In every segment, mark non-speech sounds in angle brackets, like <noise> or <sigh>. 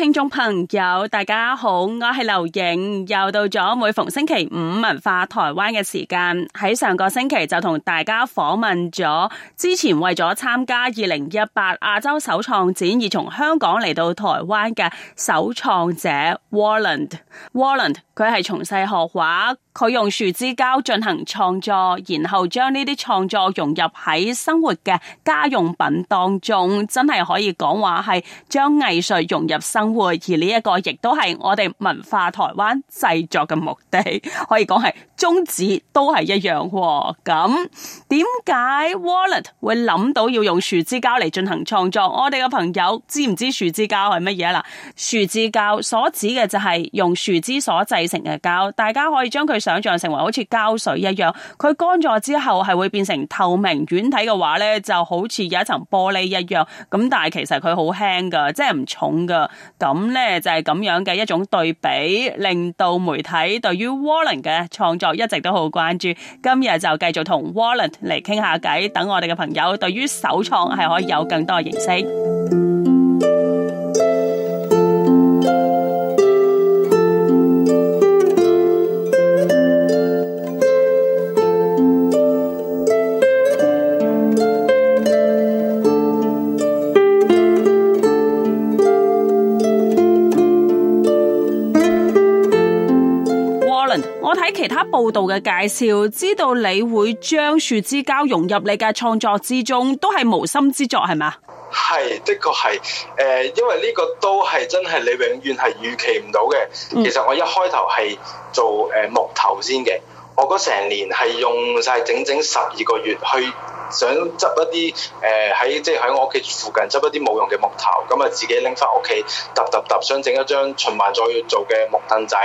聽眾朋友，大家好，我係劉影，又到咗每逢星期五文化台灣嘅時間。喺上個星期就同大家訪問咗之前為咗參加二零一八亞洲手創展而從香港嚟到台灣嘅手創者 Rolland Rolland 佢係從細學畫。佢用樹脂膠進行創作，然後將呢啲創作融入喺生活嘅家用品當中，真係可以講話係將藝術融入生活。而呢一個亦都係我哋文化台灣製作嘅目的，可以講係宗旨都係一樣。咁點解 Rolland 會諗到要用樹脂膠嚟進行創作？我哋嘅朋友知唔知樹脂膠係乜嘢啊？樹脂膠所指嘅就係用樹脂所製成嘅膠，大家可以將佢。想象成為好似膠水一樣，佢乾咗之後係會變成透明軟體嘅話呢，就好似有一層玻璃一樣。咁但係其實佢好輕噶，即係唔重噶。咁呢就係咁樣嘅一種對比，令到媒體對於 Rolland 嘅創作一直都好關注。今日就繼續同 Rolland 嚟傾下偈，等我哋嘅朋友對於首創係可以有更多嘅認識。我睇其他報道嘅介紹，知道你會將樹脂膠融入你嘅創作之中，都係無心之作係嘛？係，的確係，誒、呃，因為呢個都係真係你永遠係預期唔到嘅。其實我一開頭係做誒、呃、木頭先嘅，我嗰成年係用晒整整十二個月去想執一啲誒喺即係喺我屋企附近執一啲冇用嘅木頭，咁啊自己拎翻屋企揼揼揼，想整一張循環再做嘅木凳仔。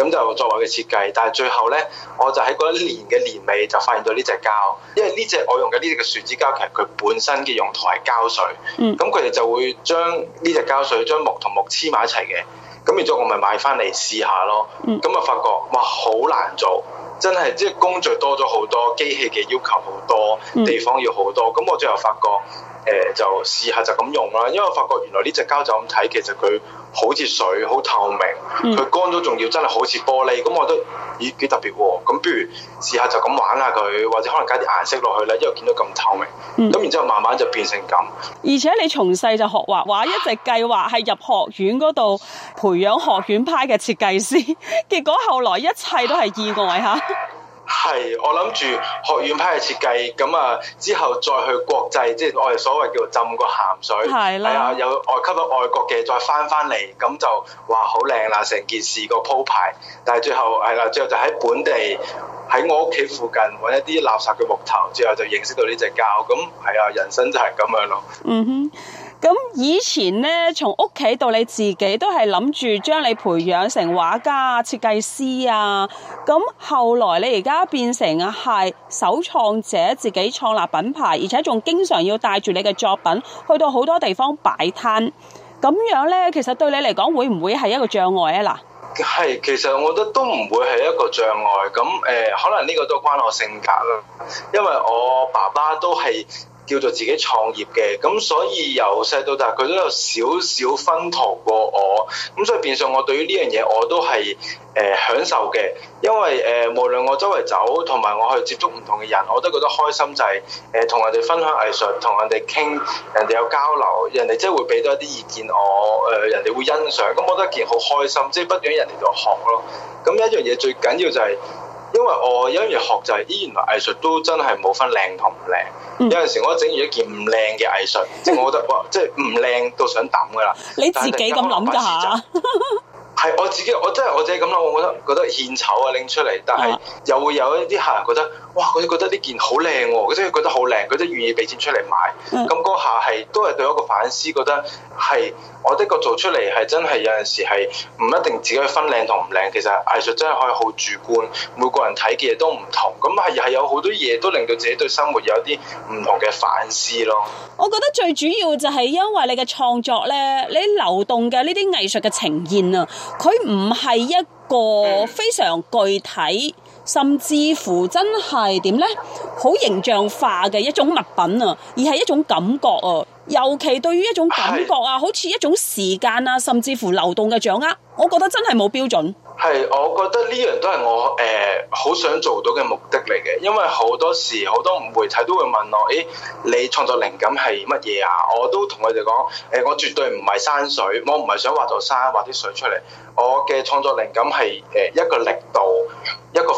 咁就作為嘅設計，但係最後咧，我就喺嗰一年嘅年尾就發現咗呢隻膠，因為呢隻我用嘅呢隻樹脂膠其實佢本身嘅用途係膠水，咁佢哋就會將呢隻膠水將木同木黐埋一齊嘅，咁變咗我咪買翻嚟試下咯，咁、嗯、啊發覺哇好難做，真係即係工序多咗好多，機器嘅要求好多，地方要好多，咁我最後發覺。誒就試下就咁用啦，因為我發覺原來呢隻膠就咁睇，其實佢好似水，好透明。佢乾咗仲要真係好似玻璃，咁我覺得咦幾特別喎。咁不如試下就咁玩下佢，或者可能加啲顏色落去咧，因為見到咁透明。咁、嗯、然之後慢慢就變成咁。而且你從細就學畫畫，一直計劃係入學院嗰度培養學院派嘅設計師，結果後來一切都係意外嚇。 <laughs> 係，我諗住學院派嘅設計，咁啊之後再去國際，即係我哋所謂叫做浸個鹹水，係啦，係啊，有外吸到外國嘅，再返返嚟，咁就哇好靚啦，成件事個鋪排。但係最後係啦，最後就喺本地，喺我屋企附近揾一啲垃圾嘅木頭，最後就認識到呢隻膠。咁係啊，人生就係咁樣咯。嗯哼。咁以前呢，從屋企到你自己都係諗住將你培養成畫家設計師啊。咁後來你而家變成啊，係手創者，自己創立品牌，而且仲經常要帶住你嘅作品去到好多地方擺攤，咁樣呢，其實對你嚟講會唔會係一個障礙啊？嗱，係，其實我覺得都唔會係一個障礙，咁誒、呃、可能呢個都關我性格啦。因為我爸爸都係。叫做自己創業嘅，咁所以由細到大佢都有少少分攤過我，咁所以變相我對於呢樣嘢我都係誒、呃、享受嘅，因為誒、呃、無論我周圍走同埋我去接觸唔同嘅人，我都覺得開心就係誒同人哋分享藝術，同人哋傾，人哋有交流，人哋即係會俾多一啲意見我，誒、呃、人哋會欣賞，咁我覺得一件好開心，即係不斷人哋度學咯。咁一樣嘢最緊要就係、是。因為我因為學就係、咦，原來藝術都真係冇分靚同唔靚。嗯、有陣時我整完一件唔靚嘅藝術， <laughs> 即係我覺得哇，即係唔靚到想抌㗎啦。你自己咁諗㗎嚇？ <laughs> 係我自己，我真係我自己咁諗。我覺得覺得獻醜啊，拎出嚟，但係又會有一啲客人覺得，哇！佢覺得呢件好靚、哦，佢真係覺得好靚，佢都願意俾錢出嚟買。咁嗰、嗯、下係都係對一個反思，覺得係我的確做出嚟係真係有陣時係唔一定自己去分靚同唔靚。其實藝術真係可以好主觀，每個人睇嘅嘢都唔同。咁係係有好多嘢都令到自己對生活有啲唔同嘅反思咯。我覺得最主要就係因為你嘅創作咧，你流動嘅呢啲藝術嘅呈現啊。佢唔係一個非常具體，甚至乎真係點呢？好形象化嘅一種物品啊，而係一種感覺啊。尤其對於一種感覺啊，好似一種時間啊，甚至乎流動嘅掌握，我覺得真係冇標準。係我覺得呢樣都係我誒好、呃、想做到嘅目的嚟嘅。因為好多時好多媒體都會問我，誒、欸、你創作靈感係乜嘢啊？我都同佢哋講誒我絕對唔係山水，我唔係想畫座山畫啲水出嚟，我嘅創作靈感係誒、呃、一個力。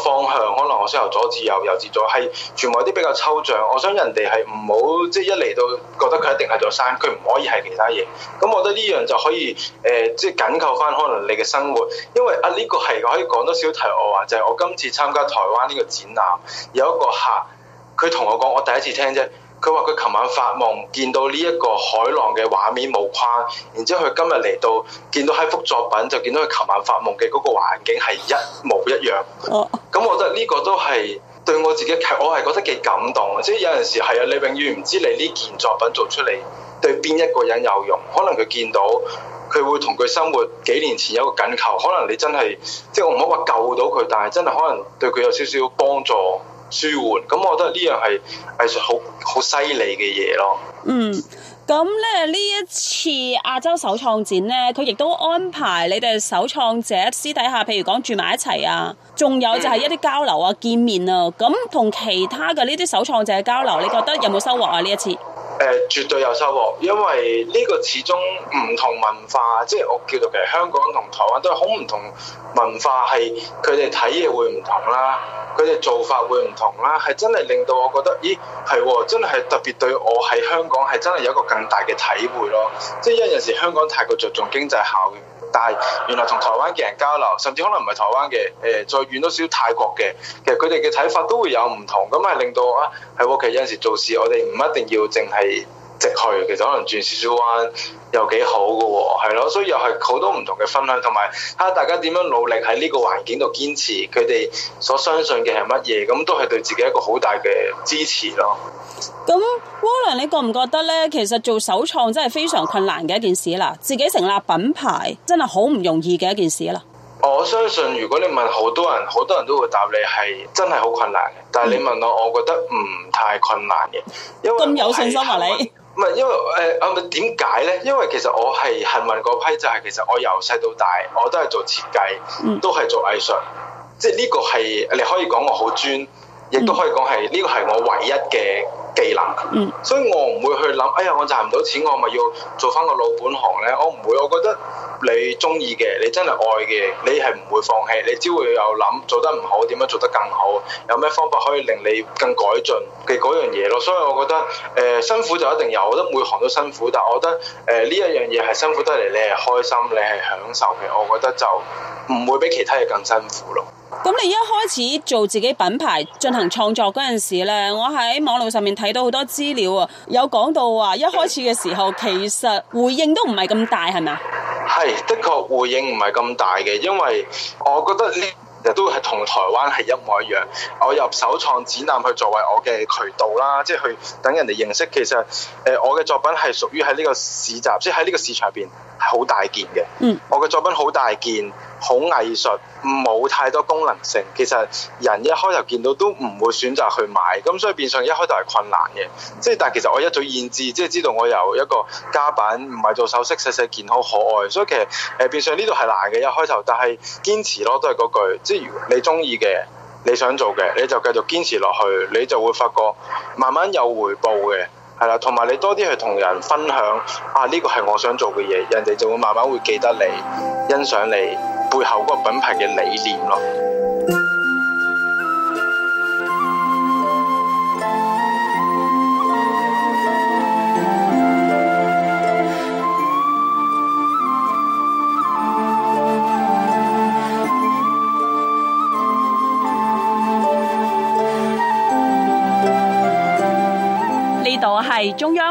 方向可能我先由左至右，由右至左，係全部啲比較抽象。我想人哋係唔好即係一嚟到覺得佢一定係座山，佢唔可以係其他嘢。咁我覺得呢樣就可以誒、呃，即係緊扣翻可能你嘅生活。因為啊，呢、這個係可以講多少題外話就係、是、我今次參加台灣呢個展覽有一個客佢同我講，我第一次聽啫。佢話：佢琴晚發夢見到呢一個海浪嘅畫面冇框，然之後佢今日嚟到見到喺幅作品就見到佢琴晚發夢嘅嗰個環境係一模一樣。咁、oh. 嗯、我覺得呢個都係對我自己，我係覺得幾感動，即係有陣時係啊，你永遠唔知你呢件作品做出嚟對邊一個人有用。可能佢見到佢會同佢生活幾年前有一個緊扣。可能你真係即係我唔好話救到佢，但係真係可能對佢有少少幫助。舒緩，咁我覺得呢樣係藝術好好犀利嘅嘢咯。嗯，咁咧呢一次亞洲首創展呢，佢亦都安排你哋首創者私底下，譬如講住埋一齊啊，仲有就係一啲交流啊、見面啊，咁同其他嘅呢啲首創者交流，你覺得有冇收穫啊？呢一次？誒、呃、絕對有收穫，因為呢個始終唔同文化，即係我叫做其實香港台灣同台灣都係好唔同文化，係佢哋睇嘢會唔同啦，佢哋做法會唔同啦，係真係令到我覺得，咦係喎、哦，真係特別對我喺香港係真係有一個更大嘅體會咯，即係因為有時香港太過着重經濟效。但係原來同台灣嘅人交流，甚至可能唔係台灣嘅，誒、呃、再遠都少泰國嘅，其實佢哋嘅睇法都會有唔同，咁係令到啊其實有時做事我哋唔一定要淨係，直去其實可能轉少少彎又幾好嘅喎、哦，係咯，所以又係好多唔同嘅分享，同埋睇大家點樣努力喺呢個環境度堅持，佢哋所相信嘅係乜嘢，咁都係對自己一個好大嘅支持咯。咁，汪良，你覺唔覺得咧？其實做手創真係非常困難嘅一件事啦，啊、自己成立品牌真係好唔容易嘅一件事啦、哦。我相信如果你問好多人，好多人都會答你係真係好困難嘅，但係你問我，我覺得唔太困難嘅，嗯、因為咁有信心啊你？啊 <laughs> 唔係因為誒，係咪點解咧？因為其實我係幸運嗰批，就係其實我由細到大我都係做設計，都係做藝術。即係呢個係你可以講我好專，亦都可以講係呢個係我唯一嘅。技能，所以我唔會去諗，哎呀，我賺唔到錢，我咪要做返個老本行咧。我唔會，我覺得你中意嘅，你真係愛嘅，你係唔會放棄，你只會有諗，做得唔好點樣做得更好，有咩方法可以令你更改進嘅嗰樣嘢咯。所以我覺得，誒、呃、辛苦就一定有，我覺得每行都辛苦，但係我覺得，誒呢一樣嘢係辛苦得嚟，你係開心，你係享受嘅。我覺得就唔會比其他嘢更辛苦咯。咁你一開始做自己品牌進行創作嗰陣時咧，我喺網路上面睇到好多資料啊，有講到話一開始嘅時候其實回應都唔係咁大，係咪啊？係的確回應唔係咁大嘅，因為我覺得呢其實都係同台灣係一模一樣。我入手創展覽去作為我嘅渠道啦，即係去等人哋認識。其實誒，我嘅作品係屬於喺呢個市集，即係喺呢個市場入邊係好大件嘅。嗯，我嘅作品好大件。好藝術，冇太多功能性，其實人一開頭見到都唔會選擇去買，咁所以變相一開頭係困難嘅。即係但係其實我一早驗知，即係知道我有一個家品，唔係做首飾細細件好可愛，所以其實誒、呃、變相呢度係難嘅一開頭，但係堅持咯都係嗰句，即係如果你中意嘅，你想做嘅，你就繼續堅持落去，你就會發覺慢慢有回報嘅。係啦，同埋你多啲去同人分享，啊呢個係我想做嘅嘢，人哋就會慢慢會記得你，欣賞你背後嗰個品牌嘅理念咯。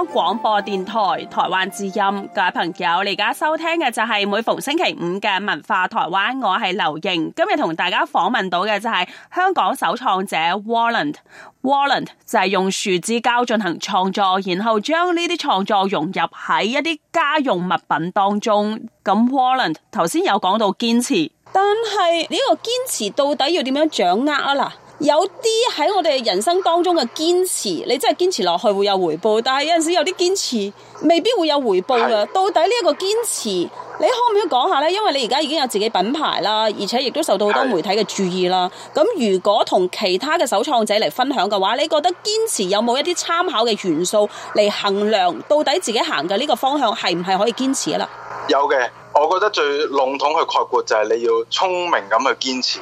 廣播電台台灣之音，各位朋友，你而家收聽嘅就係每逢星期五嘅文化台灣，我係劉盈。今日同大家訪問到嘅就係香港手創者 Rolland。Rolland 就係用樹脂膠進行創作，然後將呢啲創作融入喺一啲家用物品當中。咁 Rolland 頭先有講到堅持，但係呢、這個堅持到底要點樣掌握啊啦？有啲喺我哋人生當中嘅堅持，你真係堅持落去會有回報，但係有陣時有啲堅持未必會有回報嘅，的到底呢一個堅持，你可唔可以講下咧？因為你而家已經有自己品牌啦，而且亦都受到好多媒體嘅注意啦。咁的如果同其他嘅手創者嚟分享嘅話，你覺得堅持有冇一啲參考嘅元素嚟衡量到底自己行嘅呢個方向係唔係可以堅持啦？有嘅。我覺得最籠統去概括就係你要聰明咁去堅持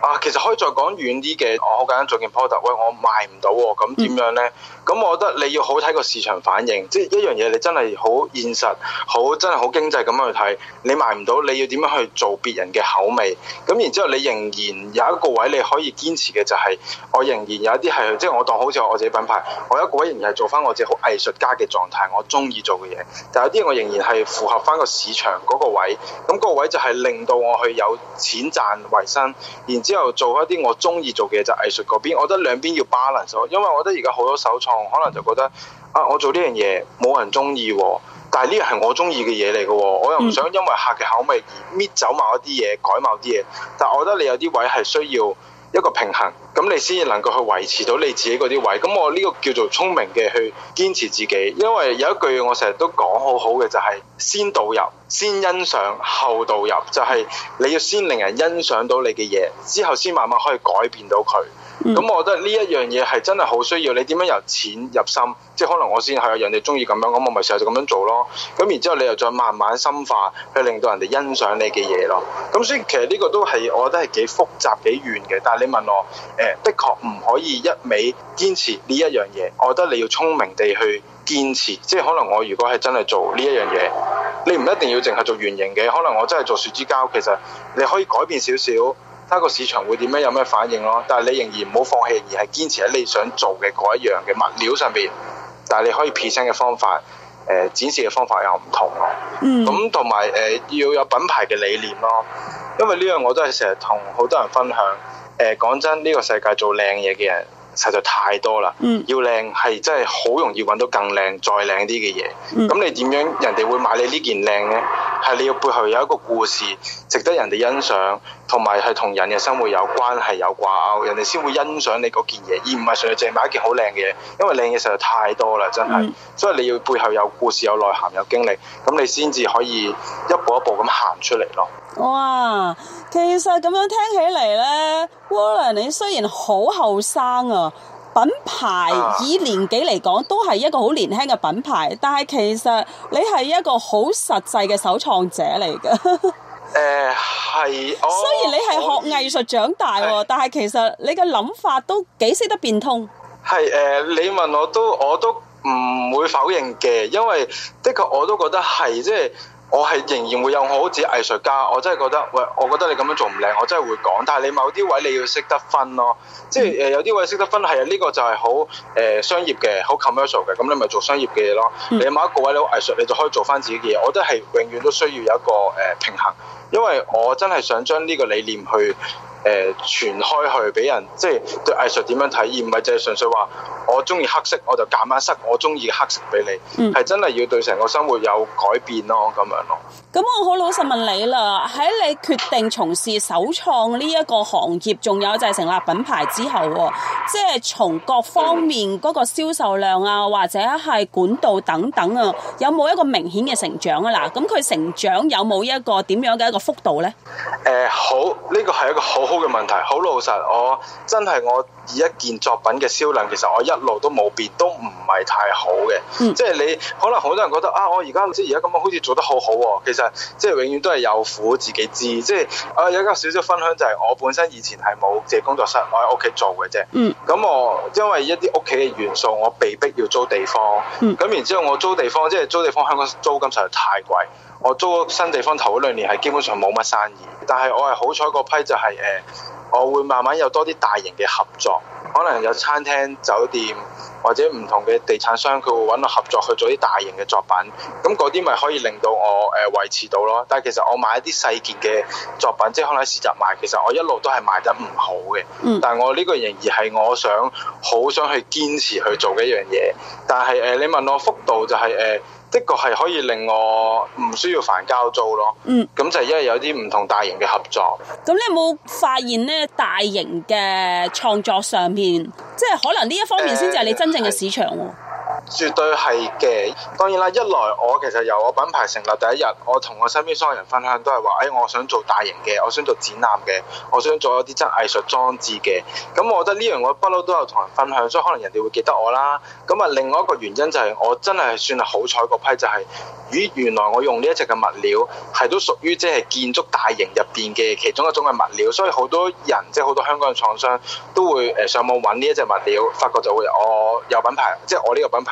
啊！其實可以再講遠啲嘅，我好簡單做件 product 啊喂，我賣唔到喎、哦，咁點樣，樣呢？咁、嗯、我覺得你要好睇個市場反應，即、就、係、是、一樣嘢你真係好現實，好真係好經濟咁樣去睇，你賣唔到，你要點樣去做別人嘅口味？咁然之後你仍然有一個位你可以堅持嘅就係、是，我仍然有一啲係即係我當好似我自己品牌，我有一個位仍然係做翻我自己好藝術家嘅狀態，我中意做嘅嘢。但有啲我仍然係符合翻個市場嗰個位，咁個位就係令到我去有錢賺為生，然之後做一啲我中意做嘅就係、藝術嗰邊。我覺得兩邊要 balance，因為我覺得而家好多手創可能就覺得啊，我做呢樣嘢冇人中意、哦，但係呢樣係我中意嘅嘢嚟嘅，我又唔想因為客嘅口味而搣走某一啲嘢改某啲嘢，但係我覺得你有啲位係需要一個平衡，咁你先至能夠去維持到你自己嗰啲位。咁我呢個叫做聰明嘅去堅持自己，因為有一句我成日都講好好嘅就係先導入，先欣賞後導入，就係你要先令人欣賞到你嘅嘢，之後先慢慢可以改變到佢。咁、嗯、我覺得呢一樣嘢係真係好需要，你點樣由淺入深，即係可能我先係有人哋中意咁樣，咁我咪成日就咁樣做咯。咁然之後你又再慢慢深化，去令到人哋欣賞你嘅嘢咯。咁所以其實呢個都係我覺得係幾複雜、幾遠嘅。但係你問我，誒，的確唔可以一味堅持呢一樣嘢。我覺得你要聰明地去堅持，即係可能我如果係真係做呢一樣嘢，你唔一定要淨係做圓形嘅。可能我真係做樹脂膠，其實你可以改變少少。睇個市場會點樣，有咩反應咯，但係你仍然唔好放棄，而係堅持喺你想做嘅嗰一樣嘅物料上邊。但係你可以 present 嘅方法，誒、呃、展示嘅方法又唔同咯。咁同埋誒要有品牌嘅理念咯，因為呢樣我都係成日同好多人分享。誒、呃、講真，呢、呢個世界做靚嘢嘅人實在太多啦。嗯、要靚係真係好容易揾到更靚、再靚啲嘅嘢。嗯，咁你點樣人哋會買你呢件靚呢？係你要背後有一個故事，值得人哋欣賞，同埋係同人嘅生活有關係有掛鈎，人哋先會欣賞你嗰件嘢，而唔係純粹淨係買一件好靚嘅嘢，因為靚嘢實在太多啦，真係。嗯、所以你要背後有故事、有內涵、有經歷，咁你先至可以一步一步咁行出嚟咯。哇，其實咁樣聽起嚟呢，Rolland 你雖然好後生啊。品牌以年紀嚟講，都係一個好年輕嘅品牌。但係其實你係一個好實際嘅手創者嚟嘅。誒、 <laughs> 呃，係。雖然你係學藝術長大喎，我但係其實你嘅諗法都幾識得變通。係誒、呃，你問我都我都唔會否認嘅，因為的確我都覺得係即係。就是我係仍然會有我好似藝術家，我真係覺得，喂，我覺得你咁樣做唔靚，我真係會講。但係你某啲位你要識得分咯，即係有啲位識得分係啊，呢個就係好誒商業嘅，好 commercial 嘅，咁你咪做商業嘅嘢咯。你某一個位你好藝術，你就可以做翻自己嘅嘢。我覺得係永遠都需要有一個誒平衡，因為我真係想將呢個理念去。誒，傳、呃、開去俾人，即係對藝術點樣睇，而唔係，淨係純粹話我中意黑色，我就夾硬塞我中意嘅黑色俾你，係、嗯、真係要對成個生活有改變咯，咁樣咯。咁我好老實問你啦，喺你決定從事手創呢一個行業，仲有就係成立品牌之後，即係從各方面嗰個銷售量啊，或者係管道等等啊，有冇一個明顯嘅成長啊？嗱，咁佢成長有冇一個點樣嘅一個幅度呢？誒、呃，好，呢、這個係一個好好嘅問題，好老實，我真係我。以一件作品嘅銷量，其實我一路都冇變，都唔係太好嘅。嗯、即係你可能好多人覺得啊，我而家好似而家咁樣，好似做得好好、啊、喎。其實即係永遠都係有苦自己知。即係啊，有間少少分享就係、是、我本身以前係冇自己工作室，嗯、我喺屋企做嘅啫。咁我因為一啲屋企嘅元素，我被逼要租地方。咁、嗯、然之後我租地方，即係租地方，香港租金實在太貴。我租咗新地方，頭嗰兩年係基本上冇乜生意，但係我係好彩嗰批就係、是、誒、呃，我會慢慢有多啲大型嘅合作，可能有餐廳、酒店或者唔同嘅地產商，佢會搵我合作去做啲大型嘅作品，咁嗰啲咪可以令到我誒、呃、維持到咯。但係其實我買一啲細件嘅作品，即係可能喺市集賣，其實我一路都係賣得唔好嘅。但係我呢個仍然係我想好想去堅持去做嘅一樣嘢。但係誒、呃，你問我幅度就係、是、誒。呃的確係可以令我唔需要煩交租咯。嗯，咁就係因為有啲唔同大型嘅合作。咁、嗯、你有冇發現咧？大型嘅創作上面，即係可能呢一方面先至係你真正嘅市場喎。嗯嗯絕對係嘅，當然啦。一來我其實由我品牌成立第一日，我同我身邊所有人分享都係話，誒、哎，我想做大型嘅，我想做展覽嘅，我想做一啲真藝術裝置嘅。咁我覺得呢樣我不嬲都有同人分享，所以可能人哋會記得我啦。咁啊，另外一個原因就係、是、我真係算係好彩嗰批，就係、是、咦，原來我用呢一隻嘅物料係都屬於即係建築大型入邊嘅其中一種嘅物料，所以好多人即係好多香港嘅廠商都會誒上網揾呢一隻物料，發覺就會我有品牌，即、就、係、是、我呢個品牌。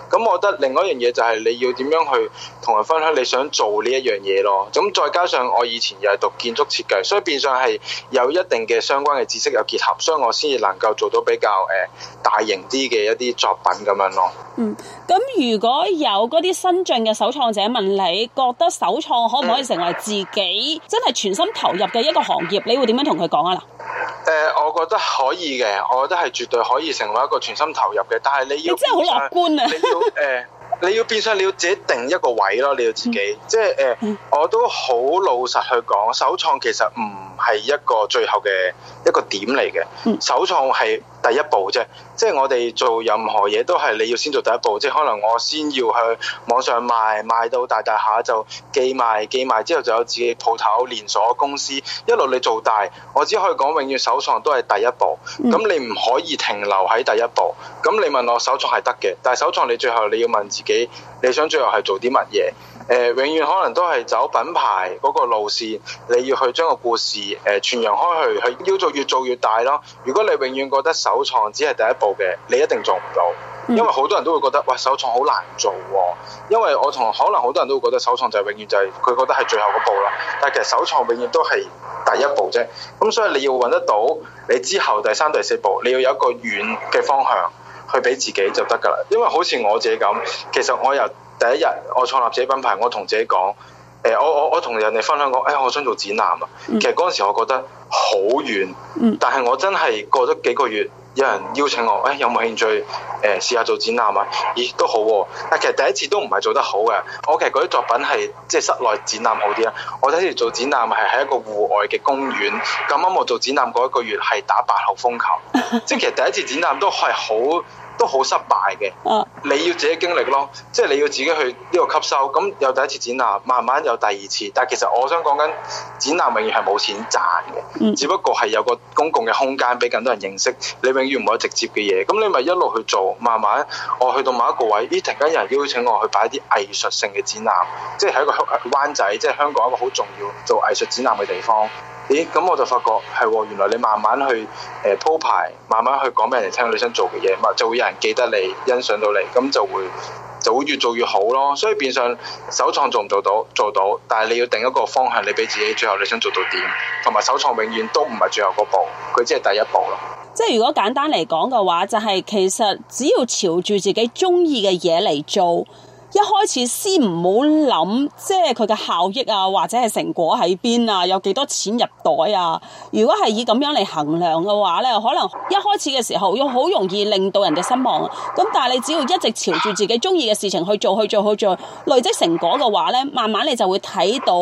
咁我覺得另外一樣嘢就係你要點樣去同人分享你想做呢一樣嘢咯。咁再加上我以前又係讀建築設計，所以變相係有一定嘅相關嘅知識有結合，所以我先至能夠做到比較誒大型啲嘅一啲作品咁樣咯。嗯，咁如果有嗰啲新晉嘅手創者問你，覺得手創可唔可以成為自己真係全心投入嘅一個行業？嗯，你會點樣同佢講啊？嗱，誒，我覺得可以嘅，我覺得係絕對可以成為一個全心投入嘅，但係你要你真係好樂觀啊！ <laughs> 誒、 <laughs> 呃，你要變相你要自己定一個位咯，你要自己，嗯、即係誒，呃嗯、我都好老實去講，首創其實唔，嗯係一個最後嘅一個點嚟嘅，手創係第一步啫。即係我哋做任何嘢都係你要先做第一步，即係可能我先要去網上賣，賣到大大下就寄賣，寄賣之後就有自己鋪頭、連鎖公司，一路你做大，我只可以講永遠手創都係第一步。咁你唔可以停留喺第一步。咁你問我手創係得嘅，但係手創你最後你要問自己，你想最後係做啲乜嘢？永遠可能都係走品牌嗰個路線，你要去將個故事誒傳揚開去，去要做越做越大咯。如果你永遠覺得首創只係第一步嘅，你一定做唔到，因為好多人都會覺得，哇，首創好難做喎、哦。因為我同可能好多人都會覺得首創就係永遠就係、是、佢覺得係最後嗰步啦。但係其實首創永遠都係第一步啫。咁所以你要揾得到你之後第三第四步，你要有一個遠嘅方向去俾自己就得㗎啦。因為好似我自己咁，其實我又。第一日我創立自己品牌，我同自己講，誒、欸，我我我同人哋分享過，誒、欸，我想做展覽啊。其實嗰陣時我覺得好遠，但係我真係過咗幾個月，有人邀請我，誒、欸，有冇興趣誒試下做展覽啊？咦、欸，都好、啊。但其實第一次都唔係做得好嘅。我其實嗰啲作品係即係室內展覽好啲啊。我第一次做展覽係喺一個戶外嘅公園。咁啱我做展覽嗰一個月係打八號風球，即係其實第一次展覽都係好。都好失敗嘅，你要自己經歷咯，即係你要自己去呢度吸收。咁有第一次展覽，慢慢有第二次。但係其實我想講緊展覽永遠係冇錢賺嘅，只不過係有個公共嘅空間俾更多人認識。你永遠唔會有直接嘅嘢，咁你咪一路去做，慢慢我去到某一個位，咦？突然間有人邀請我去擺啲藝術性嘅展覽，即係喺個灣仔，即係香港一個好重要做藝術展覽嘅地方。咦，咁我就發覺係原來你慢慢去誒鋪排，慢慢去講俾人哋聽你想做嘅嘢，唔係就會有人記得你，欣賞到你，咁就會就會越做越好咯。所以變相手創做唔做到做到，但係你要定一個方向，你俾自己最後你想做到點，同埋手創永遠都唔係最後嗰步，佢只係第一步咯。即係如果簡單嚟講嘅話，就係、是、其實只要朝住自己中意嘅嘢嚟做。一開始先唔好諗，即係佢嘅效益啊，或者係成果喺邊啊，有幾多錢入袋啊？如果係以咁樣嚟衡量嘅話呢，可能一開始嘅時候要好容易令到人哋失望啊。咁但係你只要一直朝住自己中意嘅事情去做、去做、去做，去累積成果嘅話呢，慢慢你就會睇到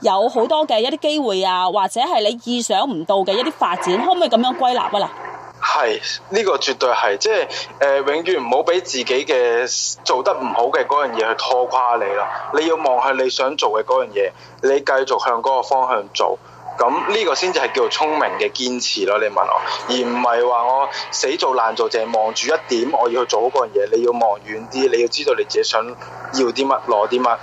有好多嘅一啲機會啊，或者係你意想唔到嘅一啲發展，可唔可以咁樣歸納啊？嗱。係，呢、這個絕對係，即係誒、呃，永遠唔好俾自己嘅做得唔好嘅嗰樣嘢去拖垮你啦。你要望向你想做嘅嗰樣嘢，你繼續向嗰個方向做，咁呢個先至係叫做聰明嘅堅持咯。你問我，而唔係話我死做爛做，淨係望住一點，我要去做嗰樣嘢。你要望遠啲，你要知道你自己想要啲乜，攞啲乜。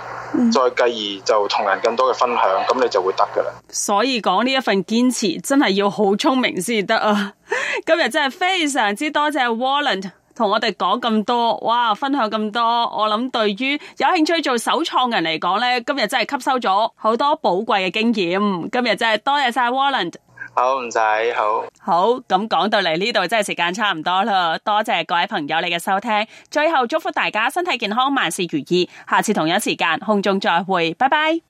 再繼而就同人更多嘅分享，咁你就會得㗎喇。所以講呢一份堅持真係要好聰明先得啊！ <laughs> 今日真係非常之多謝 Rolland 同我哋講咁多，哇！分享咁多，我諗對於有興趣做手創人嚟講呢，今日真係吸收咗好多寶貴嘅經驗。今日真係多謝晒 Rolland 好唔使，好好咁講到嚟呢度，真係時間差唔多啦。多謝各位朋友你嘅收聽，最後祝福大家身體健康，萬事如意。下次同一時間，空中再會，拜拜。